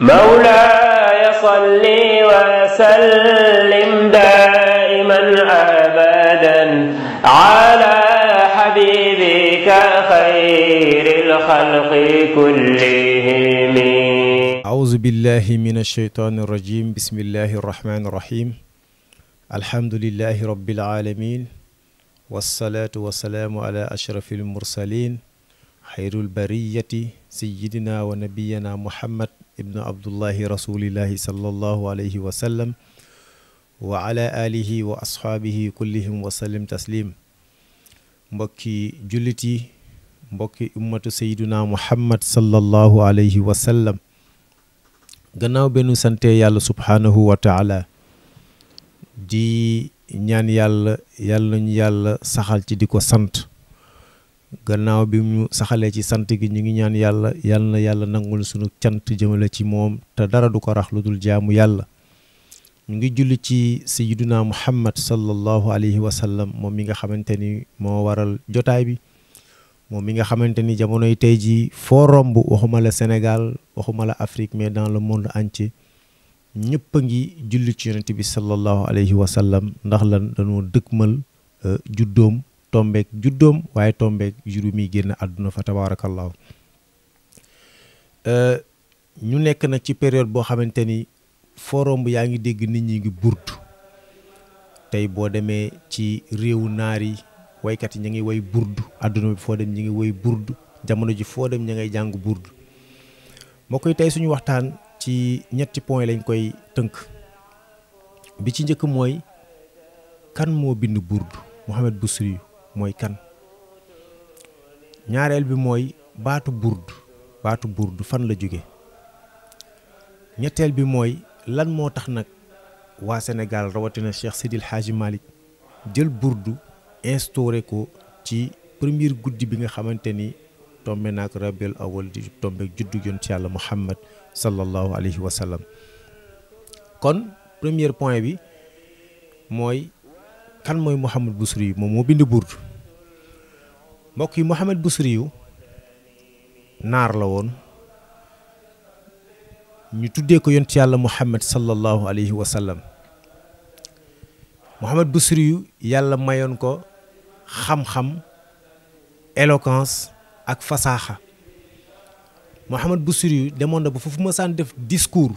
مولاي صل وسلم دائما ابدا على حبيبك خير الخلق كلهم اعوذ بالله من الشيطان الرجيم بسم الله الرحمن الرحيم الحمد لله رب العالمين والصلاه والسلام على اشرف المرسلين خير البريه سيدنا ونبينا محمد ابن عبد الله رسول الله صلى الله عليه وسلم وعلى آله وأصحابه كلهم وسلم تسليم مبكي جلتي مبكي أمة سيدنا محمد صلى الله عليه وسلم غناو بنو سنتي يال سبحانه وتعالى دي نيان يال يال يال سخال تي ديكو سنت gannaaw bi mu saxalee ci sant gi ñu ngi ñaan yàlla yal na yàlla nangul sunu cant jëmale ci moom te dara du ko rax lu dul jaamu yàlla ñu ngi julli ci sayyiduna muhammad sallallahu alayhi wa moom mi nga xamante ni moo waral jotaay bi moom mi nga xamante ni jamonoy tey jii foo romb waxuma la Sénégal waxuma la Afrique mais dans le monde entier ñëpp a ngi julli ci yonent bi sallallahu alayhi wa sallam ndax lan dañoo dëkkmal euh, juddoom tombeek juddoom waaye tombeek juru mi génn àdduna fa tabaarakallaahu euh, ñu nekk na ci période boo xamante ni forom yaa ngi dégg nit ñi ngi burdu tey boo demee ci réewu naar yi waykat yi ñu ngi woy burdu àdduna bi foo dem ñu ngi woy burdu jamono ji foo dem ñu ngay jàng burdu mbokk yi tey suñu waxtaan ci ñetti point lañ koy tënk bi ci njëkk mooy kan moo bind burdu Mouhamed Bousiri mooy kan ñaareel bi mooy baatu burdu baatu burdu fan la jóge ñetteel bi mooy lan moo tax nag waa senegaal rawatina Cheikh Sidil Hadji Malick jël burdu instauré ko ci première guddi bi nga xamante ni tombe naak rabiul awal di tombe juddu yonent yàlla Muhammad sallallahu alayhi wa kon premier point bi mooy kan mooy Mouhamad Busiri yu moom moo bind burdu mbokk yi Mouhamad Busiri naar la woon ñu tuddee ko yont yàlla Mouhamad sallallahu alayhi wa sallam Mouhamad Busiri yu yàlla mayoon ko xam-xam éloquence ak fasaaxa Mouhamad Busiri yu demoon na ba foofu ma saan def discours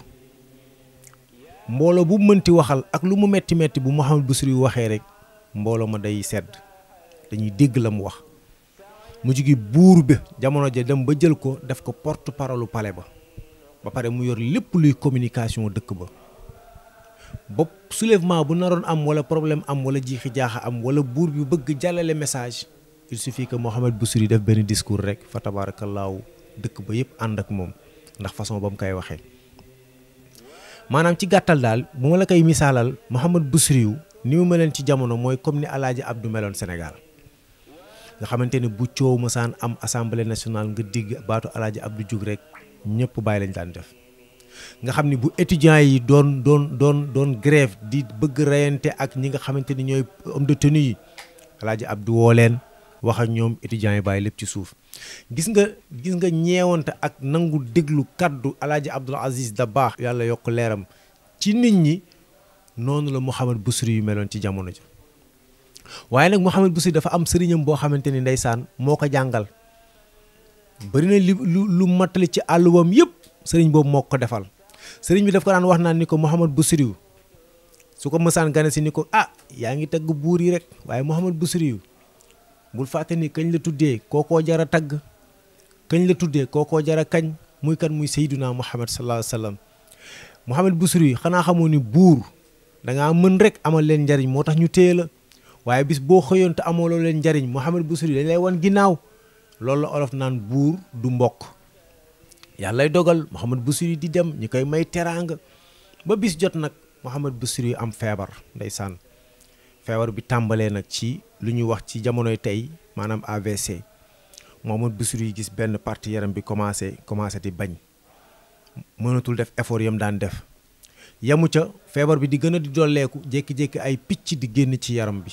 mbooloo bu mënti waxal ak lu mu metti metti bu Mouhamad Busiri waxee rek mbooloo ma day sedd dañuy dégg la mu wax mu jigi buur bi jamono ja dem ba jël ko def ko porte parole palais ba ba pare mu yor lépp luy communication dëkk ba bopp soulèvement bu naroon am wala problème am wala jiixi jaaxa am wala buur bi bëgg jàllale message il suffit que Mohamed Boussouri def benn discours rek fa tabaarakallaahu dëkk ba yëpp ànd ak moom ndax façon ba mu koy waxee maanaam ci gàttal daal bu ma la koy misaalal Mohamed Boussouri ni mu meloon ci jamono mooy comme ni Alaaji Abdou meloon Sénégal nga xamante ne bu coow masaan am assemblée nationale nga digg baatu Alaaji Abdou jóg rek ñëpp bàyyi lañ daan def nga xam ni bu étudiants yi doon doon doon doon grève di bëgg reyante ak ñi nga xamante ni ñooy homme de tenue yi Alaaji Abdou woo leen wax ak ñoom étudiants yi bàyyi lépp ci suuf gis nga gis nga ñeewante ak nangu déglu kaddu Alaaji Abdoul Aziz baax yàlla yokk leeram ci nit ñi noonu la Muhammad Busri yu meloon ci jamono ji waaye nag Mouhamad Busri dafa am sëriñam boo xamante ni ndeysaan moo ko jàngal bari na li lu matali ci àlluwam yëpp sëriñ boobu moo ko defal sëriñ bi daf ko daan wax naan ni ko Mouhamad Busri su ko mësaan gane si ni ah yaa ngi tagg buur yi rek waaye Mouhamad Busri bul fàtte ni kañ la tuddee kookoo jara tagg kañ la tuddee jara kañ muy kan muy Seydina Muhammad sallallahu alayhi wa sallam Mouhamad Busri xanaa xamoo da nga mën rek amal leen njariñ moo tax ñu téye la waaye bis boo xëyoon te amaloo leen njariñ Mouhamed bousri dañ lay wan ginnaaw loolu la olof naan buur du mbokk yàllay dogal Mouhamed bousri di dem ñi koy may terang, ba bis jot nag Mouhamed bousri am feebar ndeysaan feebar bi tàmbalee nag ci lu ñu wax ci jamonoy tey maanaam AVC bousri gis benn parti yaram bi commencé commencé di bañ mënatul def effort yam daan def yamu ca feebar bi di gën a di dolleeku jékki-jékki ay picc di génn ci yaram bi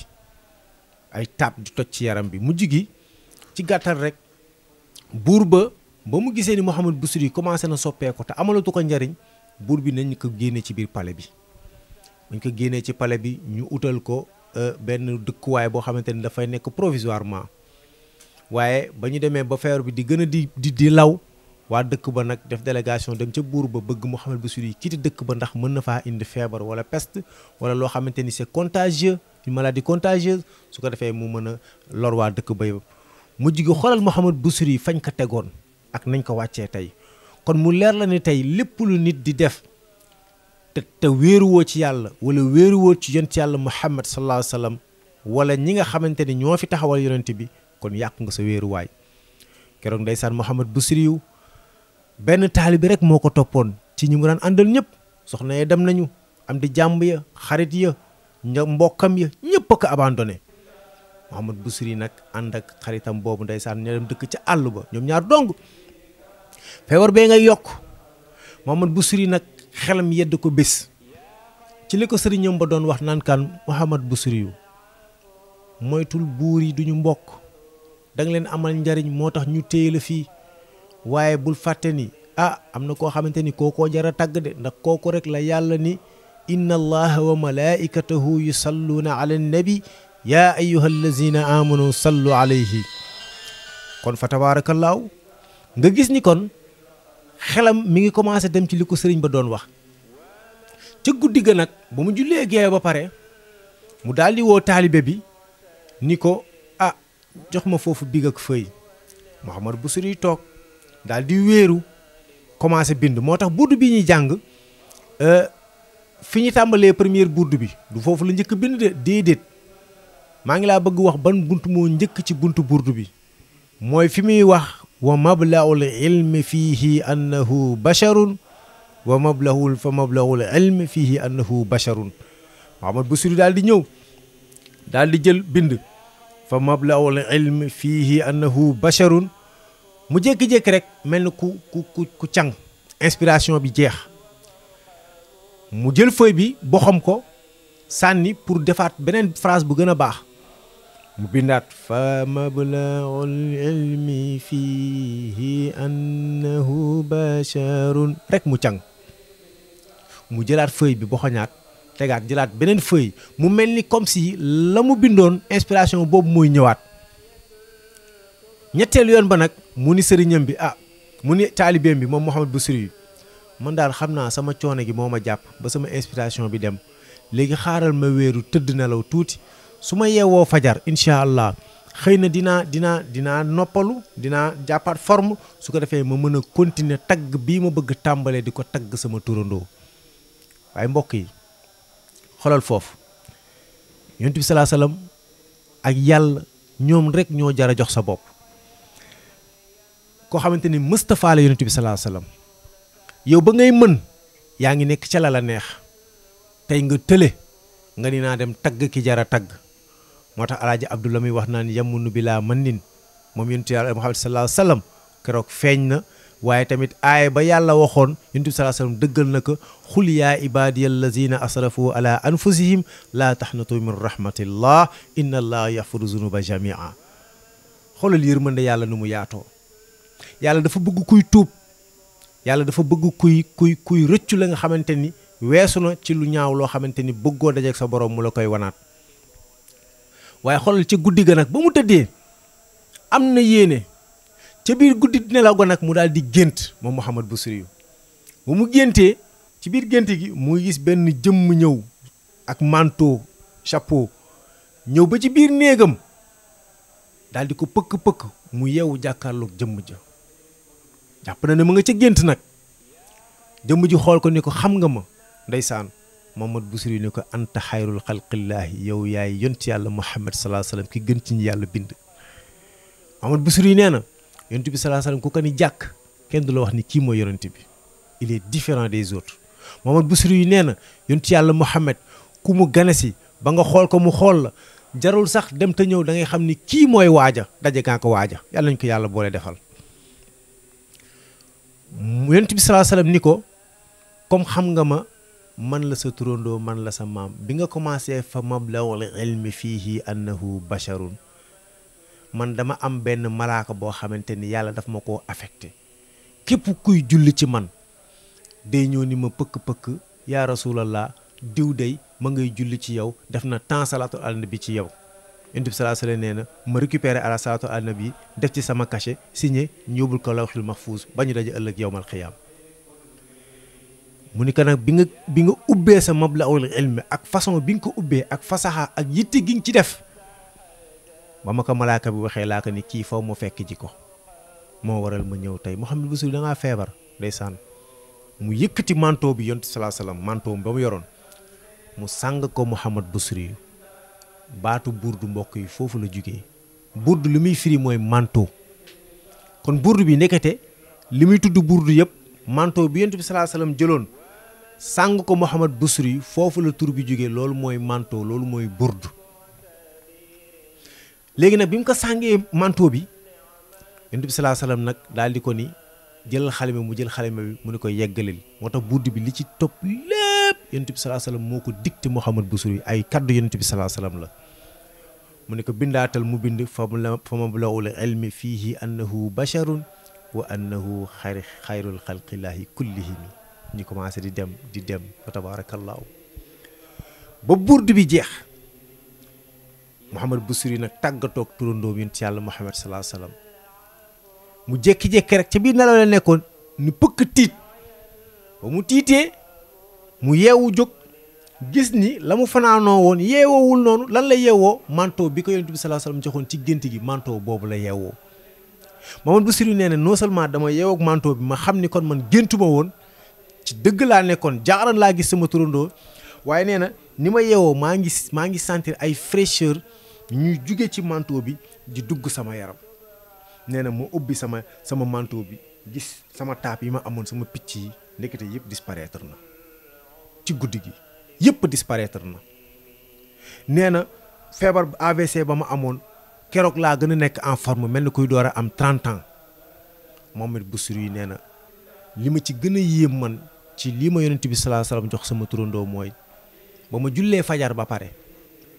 ay taab di toj ci yaram bi mujj gi ci gàttal rek buur ba ba mu gisee ni Mouhamed yi commencé na soppeeku te amalatu ko njariñ buur bi nañ ko génne ci biir pale bi dañ ko génnee ci pale bi ñu utal ko euh, benn dëkkuwaay boo xamante ni dafay nekk provisoirement waaye ba ñu demee ba feebar bi di gën a di di di law waa dëkk ba nag def délégation dem ca buur ba bëgg Mouhamed Bassirou yi kiti dëkk ba ndax mën na faa indi feebar wala pest wala loo xamante ni se c'est contagieux une di contagieuse su ko defee mu mën a lor waa dëkk ba yëpp mujj gi xoolal Mouhamed Bassirou yi fañ ko tegoon ak nañ ko wàccee tey kon mu leer la ni tey lépp lu nit di def te te weeru woo ci yàlla wala woo ci yonent yàlla Mouhamed sallallahu alayhi wa sallam wala ñi nga xamante ni ñoo fi taxawa yonent bi kon yàq nga sa wéeruwaay keroog ndeysaan Mouhamed Bassirou benn taalibi rek moo ko toppoon ci ñi mu daan àndal ñëpp soxna ya dem nañu am di jàmb ya xarit ya ña mbokkam ya ñëpp ko abandonné Mohamad Busiri nak ànd ak xaritam boobu ndeysaan ña dem dëkk ci àll ba ñoom ñaar dong feebar bee ngay yokk Mohamad Busiri nak xelam yedd ko bés ci li ko sëriñam ba doon wax naan kan Mohamad Busiri yu moytul buur yi duñu mbokk da leen amal njariñ moo ñu waaye bul fàtte ni a ah, am na koo xamante ni kookoo jara tàgg de ndax kooku rek la yàlla ni inna allaha wa malaikatahu yu ala annabi yaa ayuha allazina amanu sallu alayhi kon fa law nga gis ni kon xelam mi ngi commencé dem ci li ko sëriñ ba doon wax ca guddi ga nag ba mu jullee géewe ba pare mu daldi woo taalibe bi ni ko a ah, jox ma foofu big ak fëy Mouhamad Busiri toog daal di wéeru commencé bind moo tax burdu bi ñuy jàng euh, fi ñu tàmbalee première burdu bi du foofu la njëkk bind de déedéet maa ngi laa bëgg wax ban bunt moo njëkk ci buntu burdu bi mooy fi muy wax wa mablaul ilmi fiihi annahu basharun wa mablahul fa mablahul ilmi fiihi annahu basharun Muhammad Busiri daal di ñëw daal di jël bind fa mablahul ilmi fiihi annahu basharun mu jékki-jékki rek mel ni ku ku ku ku càng inspiration bi jeex mu jël feuille bi boxam ko sànni pour defaat beneen phrase bu gën a baax mu bindaat fa mablaul ilmi fihi annahu basharun rek mu càng mu jëlaat feuille bi boxoñaat tegaat jëlaat beneen feuille mu mel ni comme si la mu bindoon inspiration boobu muy ñëwaat ñetteelu yoon ba nag mu ni sëriñam bi ah mu ni taalibeem bi moom Mouhamed Boussiri yi man daal xam naa sama coono gi moo ma jàpp ba sama inspiration bi dem léegi xaaral ma wéeru tëdd nelaw tuuti su ma yeewoo fajar incha allah xëy na dinaa dinaa dinaa noppalu dinaa jàppaat forme su ko defee ma mën a continuer tagg bii ma bëgg tàmbalee di ko tagg sama turandoo waaye mbokk yi xoolal foofu yonent bi salaa ak yàlla ñoom rek ñoo jar a jox sa bopp koo xamante ni Moustapha la yonent bi salaa salaam yow ba ngay mën yaa ngi nekk ca la la neex tey nga tële nga ni naa dem tagg ki jara tagg moo tax alaaji Abdou Lahat muy wax naan yamunu bi laa mën nin moom yonent yàlla Muhammad salaa salaam keroog feeñ na waaye tamit aaya ba yàlla waxoon yonent bi salaa salaam dëggal na ko xul yaa ibaadiya allazina asrafu ala anfusihim laa taxnatu min rahmatillah inna allah yaxfiru zunuba jamia xoolal yërmande yàlla nu mu yaatoo yàlla dafa bëgg kuy tuub yàlla dafa bëgg kuy kuy kuy rëccu la nga xamante ni weesu na ci lu ñaaw loo xamante ni bëggoo dajeeg sa borom mu la koy wanaat waaye xoolal ca guddi ga nag ba mu tëddee am na yéene ca biir guddi nelaw ga nag mu daal di gént moom Mouhamad Busiri yu ba mu géntee ci biir gént gi mu gis benn jëmm ñëw ak manteau chapeau ñëw ba ci biir néegam daal ko pëkk-pëkk mu yewwu jàkkaarloog jëmm ja jàpp na ne mu nga ca gént nag jëmm ji xool ko ni ko xam nga ma ndeysaan Mamad Busiri ni ko anta xayrul xalqillaahi yow yaay yonti yàlla Muhammad salaa salaam ki gën ci ñu yàlla bind Mamad Busiri nee na yonent bi salaa salaam ku ko ni jàkk kenn du la wax ni kii mooy yonent bi il est différent des autres Mamad yi nee na yonti yàlla Muhammad ku mu gane si ba nga xool ko mu xool la jarul sax dem te ñëw da ngay xam ni kii mooy waaja daje gaa ko waaja yàlla nañ ko yàlla boole defal went bi salaa ni ko comme xam nga ma man la sa turandoo man la sa maam bi nga commencé fa mablawul ilmi fiihi annahu basharun man dama am benn malaaka boo xamante ni yàlla daf ma ko affecté képp kuy julli ci man day ñëw ni ma pëkk-pëkk yaa rasulallah diw day ma ngay julli ci yow def na temps salaatul alan bi ci yow yonent bi salaa salaam nee na ma récupéré ala salaatu nabi def ci sama cachet signé ñu ko lawxil mahfuus ba daje ëllëg yowmal xiyaam mu ni ko nag bi nga bi nga ubbee sa mablawul ak façon bi nga ko ubbee ak fasaxa ak yitte gi ci def ba ma ko malaaka bi waxee laa ko ni kii faw mu fekk ji ko moo waral ma ñëw tey Muhammad da ngaa feebar ndeysaan mu yëkkati manteau bi salaa salaam manteau mu yoroon mu sàng ko Muhammad baatu burdu mbokk yi foofu la jugee burdu li muy firi mooy manto kon burdu bi nekkate li muy tudd burdu yëpp manto bi yonent bi salaa jëloon sàng ko Mouhamad Busri foofu la tur bi jóge loolu mooy manto loolu mooy burdu léegi nag bi mu ko sangee manto bi yonent bi salaa salaam nag daal di ko ni jëlal xalima mu jël xalima bi mu ne ko yeggalil moo tax burdu bi li ci topp lépp yëpp yonent bi sallallahu alayhi wasallam moko dikti dicté busuri ay kaddu yonent bi sallallahu alayhi wasallam la mu ne ko bindaatal mu bind fa la bulawul ilmi fihi annahu basharun wa annahu khair khairul khalqi lahi kullihim ni commencé di dem di dem tabarakallah ba burdu bi jeex Mouhamad Busiri nag tàggatoog turandoom yonent yàlla Mouhamad sallallahu alayhi wasallam mu jékki-jékki rek ci biir nelaw la nekkon ni pëkk tit ba mu tiitee mu yeewu jóg gis ni la mu fanaanoo woon yeewoowul noonu lan la yeewoo manto bi ko yonent bi sallallahu alayhi joxoon ci gént gi manto boobu la yeewoo Mamadou Bassirou nee na non seulement dama yeewoo ak bi ma xam ni kon man géntuma woon ci dëgg laa nekkoon jaaran laa gis sama turandoo waaye nee na ni ma yeewoo maa ngi maa ngi sentir ay fraîcheur ñuy juge ci manteau bi di dugg sama yaram nee na ma ubbi sama sama manteau bi gis sama taab yi ma amoon sama picc yi ndekete yëpp disparaître na ci guddi gi yépp disparaître na nee na feebar AVC ba ma amoon keroog laa gën a nekk en forme mel ni kuy door a am 30 ans Mohamed Bousiri nee na li ma ci gën a yéem man ci lii ma yonent bi salaa salaam jox sama turandoo mooy ba ma jullee fajar ba pare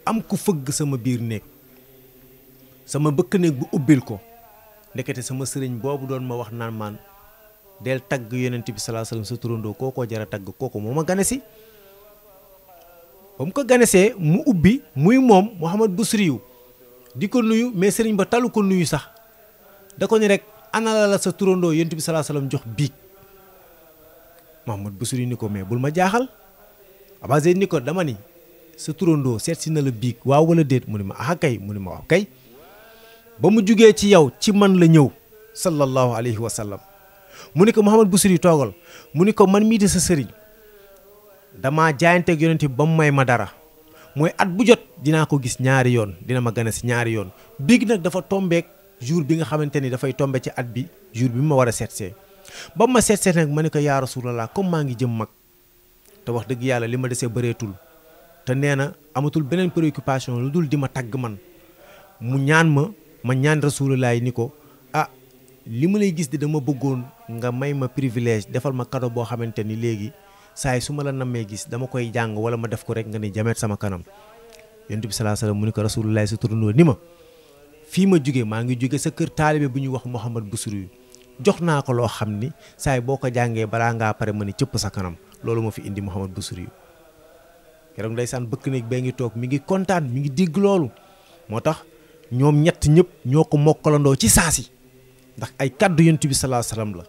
am ku fëgg sama biir néeg sama bëkk néeg bu ubbil ko ndekete sama sëriñ boobu doon ma wax naan del tagg yonent bi salaa salaam sa turandoo kookoo jara tagg kooku moo ma gane si ba mu ko ganesee mu ubbi muy moom Mouhamad Busriyu di ko nuyu mais sëriñ ba talu ko nuyu sax da ko ni rek ana sa turandoo yonent bi salaa salaam jox biig Mouhamad Busriyu ni ko mais bul ma jaaxal abase ni ko dama ni sa turandoo seet si na la biig waaw wala déet mu ni ma ah kay mu ma waaw ba mu jugee ci yow ci man la ñëw sallallahu alayhi wa mu ni ko Mouhamed Boussiri toogal mu ni ko man mii de sa sëriñ dama jaayante yonent bi ba mu may ma dara mooy at bu jot dinaa ko gis ñaari yoon dina ma gën si ñaari yoon biig nag dafa tombeek jour bi nga xamante ni dafay tombe ci at bi jour bi ma war a seetsee ba mu ma seetsee nag ma ne ko yaa rasulallah comme maa ngi jëm mag te wax dëgg yàlla li ma desee bëreetul te nee na amatul beneen préoccupation lu dul di ma tagg man mu ñaan ma ma ñaan rasulallah ni ko limu legis lay gis di dama bëggoon nga may ma privilège defal ma cadeau boo xamante ni léegi saay su ma la nammee gis dama koy jàng wala ma def ko rek nga sama kanam yonent bi salaa salaam mu ni ko rasulullah sa turandoo ni ma fii ma jóge maa ngi jóge sa kër taalibe bu ñuy wax Mouhamad Busuru jox naa ko loo xam ni saay boo ko jàngee balaa ngaa pare ma ne cëpp sa kanam loolu ma fi indi Muhammad Busuru keroog ndeysaan bëkk néeg bee ngi toog mi ngi kontaan mi ngi dégg loolu moo tax ñoom ñett ñëpp ñoo ko mokkalandoo ci saasi ndax ay kaddu yonent bi alayhi wasallam la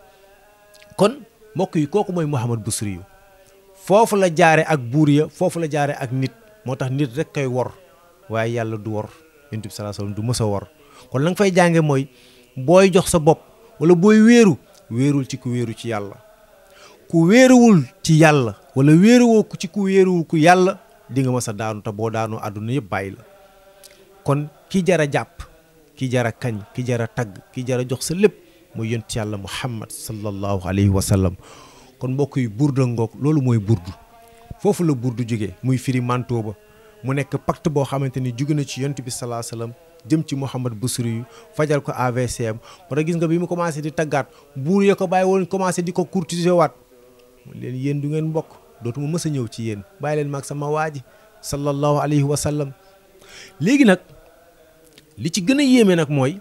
kon mbokk yi koku moy Muhammad busri fofu la jaare ak buur ya la jaare ak nit motax nit rek kay wor waye yalla du wor yonent bi alayhi wasallam du wor kon lang fay jange moy boy jox sa bop wala boy weru wéerul ci ku wéeru ci yalla ku wéeruwul ci yalla wala wéeruwoo ku ci ku wéeruwul ku yalla. di nga mës daanu ta bo daanu aduna yeb bayila kon ki jara japp ki jara kagn ki jara tag ki jara jox sa lepp mooy yent yalla muhammad sallallahu alaihi wasallam kon mbok yu ngok lolou moy burdu fofu la burdu joge muy firi manto ba mu nek pacte bo xamanteni ni na ci yent bi alaihi wasallam jëm ci muhammad busri yu fajal ko AVCM moo gis nga bi mu commencé di tagat bur ya ko baye won commencé di ko courtiser wat len yéen du ngeen mbok dotu mu a ñew ci yéen baye len mak sama waji sallallahu alaihi wasallam nak li ci gën a yéeme nag mooy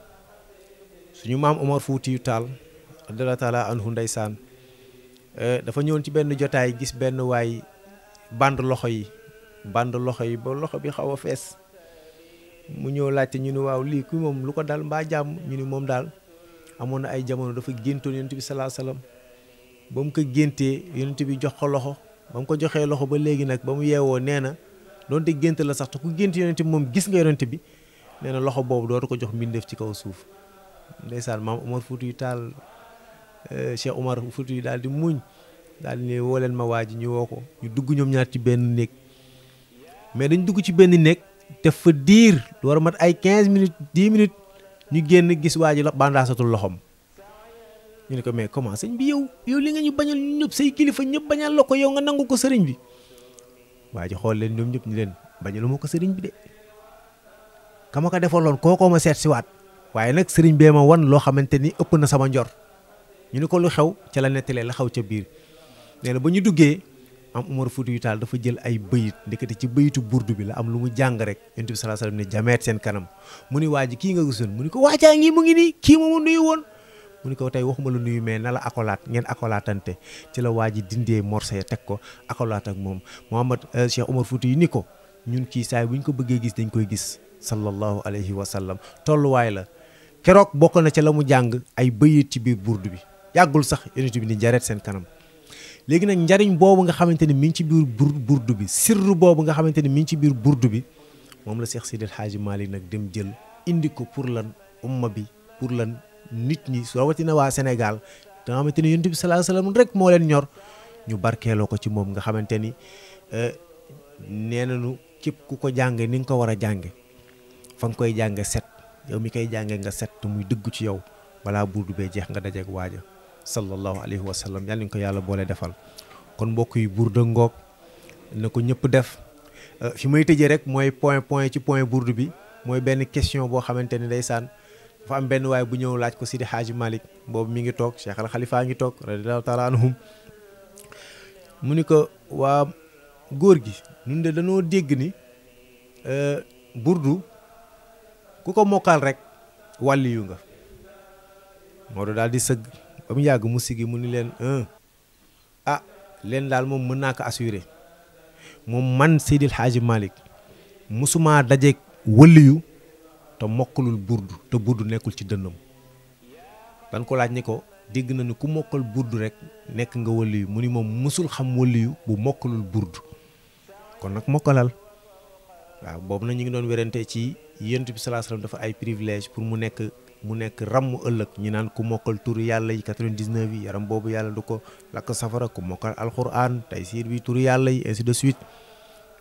suñu maam Omar Fuutiyu Taal radiyallaahu taala anhu ndeysaan eh, dafa ñëwoon ci benn jotaay gis benn waay bànd loxo yi bànd loxo yi ba loxo bi xaw a fees mu ñëw laajte ñu ne waaw lii ku moom lu ko dal mbaa jàmm ñu ni moom daal amoon na ay jamono dafa géntoon yonent bi salaa salaam ba mu ko géntee yonent bi jox ko loxo ba mu ko joxee loxo ba léegi nag ba mu yeewoo nee na doonte gént la sax te ku gént yonent bi moom gis nga yonent bi nee na loxo boobu dootu ko jox mbindeef ci kaw suuf ndeysaan maam Omar Foutiyu Taal eh, Cheikh Omar Foutiyu daal di muñ daal di ne woo leen ma waa ji ñu woo ko ñu dugg ñoom ñaar ci benn néeg mais dañ dugg ci benn néeg te fa diir lu war a mat ay 15 minutes 10 minutes ñu génn gis waa ji la bandaasatul loxom ñu ne ko mais comment sëñ bi yow yow li nga ñu bañal ñu ñëpp say kilifa ñëpp bañal la ko yow nga nangu ko sëriñ bi waa ji xool leen ñoom ñëpp ñu leen bañaluma ko sëriñ bi de kama ko defaloon kookoo ma seet siwaat waaye nag sëriñ bee ma wan loo xamante ni ëpp na sama njor ñu ni ko lu xew ca la la xew ca biir nee na ñu duggee am Umar fudu yu taal dafa jël ay bëyit ndekete ci bëyitu burdu bi la am lu mu jàng rek yonent sallallahu ne jameet seen kanam mu ni waa ji kii nga gisoon mu ni ko waajaa ngi mu ngi nii kii moomu nuyu woon mu ni ko tey waxuma la nuyu mais na la akolaat ngeen akolaatante ci la waa ji dindee morse ya ko akolaat ak moom Mouhamad euh, Cheikh umar Fouti yi ni ko ñun kii saay buñ ko bëggee gis dañ koy gis sallallahu alayhi wa sallam tolluwaay la keroog bokk na ca la mu jàng ay bëyit ci biir burdu bi yàggul sax yonent bi ni njareet seen kanam léegi nag njariñ boobu nga xamante ni mi ngi ci biir bur burdu bi sirru boobu nga xamante ni mi ngi ci biir burdu bi moom la Cheikh Sidil Hadji Malick nag dem jël indi ko pour lan umma bi pour lan nit ñi rawatina waa Sénégal nga ni yonent bi sallallahu alayhi sallam rek moo leen ñor ñu barkeeloo ko ci moom nga xamante ni euh, nee nañu képp ku ko jàng ni nga ko war a jànge fang koy jànge set yow mi koy jànge nga set tu muy dëgg ci yow balaa burdu du jeex nga ak waja sallallahu alaihi wasallam. yalla yàlla ko yalla boole defal kon mbokk yi burdu de ngoog na ko ñëpp def euh, fi may tëjee rek moy point point ci point burdu bi moy ben question bo xamanteni ndaysan fa am ben way bu ñëw laaj ko Sidi haji malik bobu mi ngi tok Cheikh al Khalifa ngi tok radiyallahu taala anhum mu ko gi ñun de dañu dégg ni euh, burdu ku ko mokkal rek wàlliyu nga Maodo daal di sëgg ba mu yàgg mu sigi mu ni leen ah leen daal moom mën naa ko assuré moom man Seydil Hadji malik musuma dajeeg wëlliyu te mokkalul burdu te burdu nekkul ci dënnam dañ ko laaj ni ko dégg na ni ku mokkal burdu rekk nekk nga wëlliyu mu ni moom musul xam wëlliyu bu mokkalul burdu kon nag mokkalal waaw boobu na ñu ngi doon werante ci yént bi salaa salaam dafa ay privilège pour mu nekk mu nekk ràmm ëllëg ñu naan ku mokkal turu yàlla yi 99 yi yaram boobu yàlla du ko lakk safara ku mokkal alxuraan tey siir bi turu yàlla yi ainsi de suite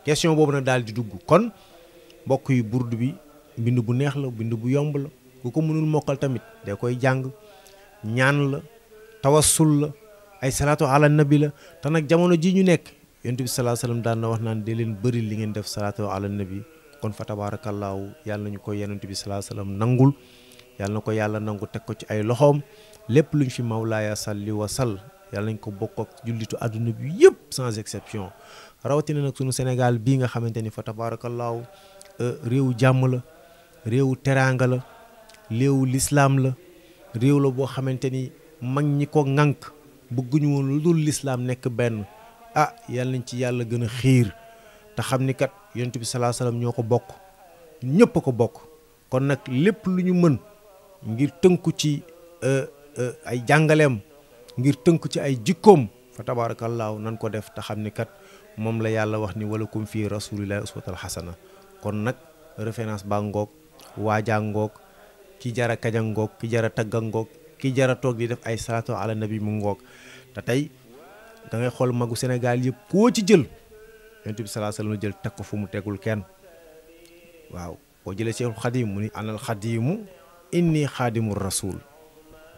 question boobu nag daal di dugg kon mbokk yi burdu bi mbind bu neex la mbind bu yomb la ku ko mënul mokkal tamit da koy jàng ñaan la tawassul la ay salaatu ala nabi la te nag jamono ji ñu nekk yonent bi salaa salaam daan na wax de leen bëri li ngeen def salaatu ala nabi kon fa tabaarakallaahu yàlla ñu ko yonent bi salaa salaam nangul yàlla na ko yàlla nangu teg ko ci ay loxoom lépp lu luñ fi mawlaaya salli wa sall yàlla nañ ko bokk ak jullitu àdduna bi yëpp sans exception rawatina nag sunu senegaal bii nga xamante ni fa tabaarakallaahu euh, réewu jàmm la réewu teraanga la réewu lislaam la réew la boo xamante ni mag ñi ko ŋànk bëgguñu woon lu dul lislaam nekk benn ah yàlla nañ ci yàlla gën a xiir te xam ni kat yonent bi salaa salaam ñoo ko bokk ñëpp a ko bokk kon nag lépp lu ñu mën ngir tënku ci euh, euh, ay jàngaleem ngir tënku ci ay jikkoom fa tabaarakallaahu nan ko def te xam ni kat moom la yàlla wax ni walakum fii rasulillahi uswatal xasana kon nag référence baa ngoog waajaa ngoog ki jara kaja ngoog ki jara tagga ngoog ki jara toog di def ay salaatu ala nabi mu ngoog te tey da ngay xool magu senegal yëpp koo ci jël yonent bi salaa salaam la jël teg ko fu mu tegul kenn waaw boo jëlee Cheikhul Xadim mu ni anal xadimu inni xaadimu rasul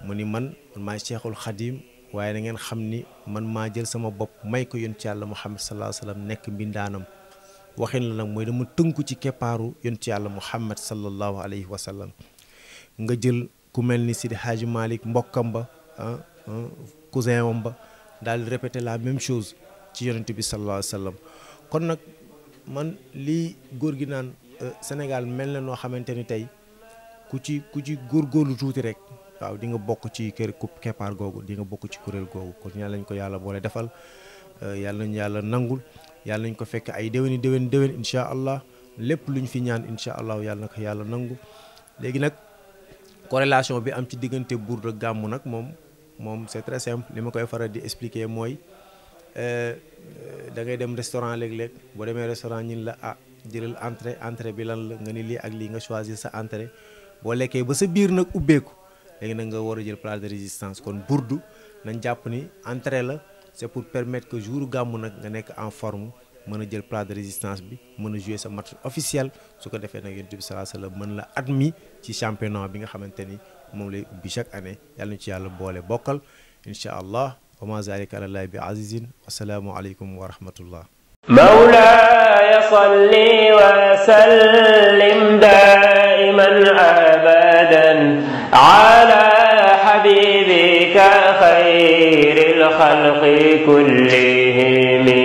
mu ni man maay Cheikhul Xadim waaye na ngeen xam ni man maa jël sama bopp may ko yonent yàlla Muhammad salaa salaam nekk mbindaanam waxin la nag mooy dama tënku ci keppaaru yonent yàlla Muhammad sallallahu alayhi wa sallam nga jël ku mel ni Sidi Hadji malik mbokkam ba ah, ah, cousin wam ba daal di répéter la même chose ci yonent bi sallallahu alayhi kon nag man lii góor gi naan euh, Sénégal mel na noo xamante ni tey ku ci ku ci góor góorgóorlu tuuti rek waaw di nga bokk ci kër keppaar googu di nga bokk ci kuréel googu kon ñaan lañ ko yàlla boole defal euh, yàlla nañ yàlla nangul yàlla nañ ko fekk ay déwéni déwén déwén incha allah lépp luñ fi ñaan incha allah yàlla ko yàlla nangu léegi nag corrélation bi am ci diggante Bour ak Gamou nag moom moom c'est très simple li ma koy faral di expliquer mooy. Euh, euh, da ngay dem restaurant léeg-léeg boo demee restaurant ñin la ah jëlal entrée entrée bi lan la nga ni lii ak lii nga choisir sa entrée boo lekkee ba sa biir nag ubbeeku léegi nag nga war a jël place de résistance kon burdu nañ jàpp ni entrée la c'est pour permettre que jour gàmm nag nga nekk en forme mën a jël place de résistance bi mën a jouer sa match officiel su ko defee nag yonent sa salaa salaam mën la mi ci championnat bi nga xamante ni moom lay ubbi chaque année yàlla ñu ci yàlla boole bokkal incha allah. وما ذلك على الله بعزيز والسلام عليكم ورحمة الله مولا يصلي وسلم دائما أبدا على حبيبك خير الخلق كلهم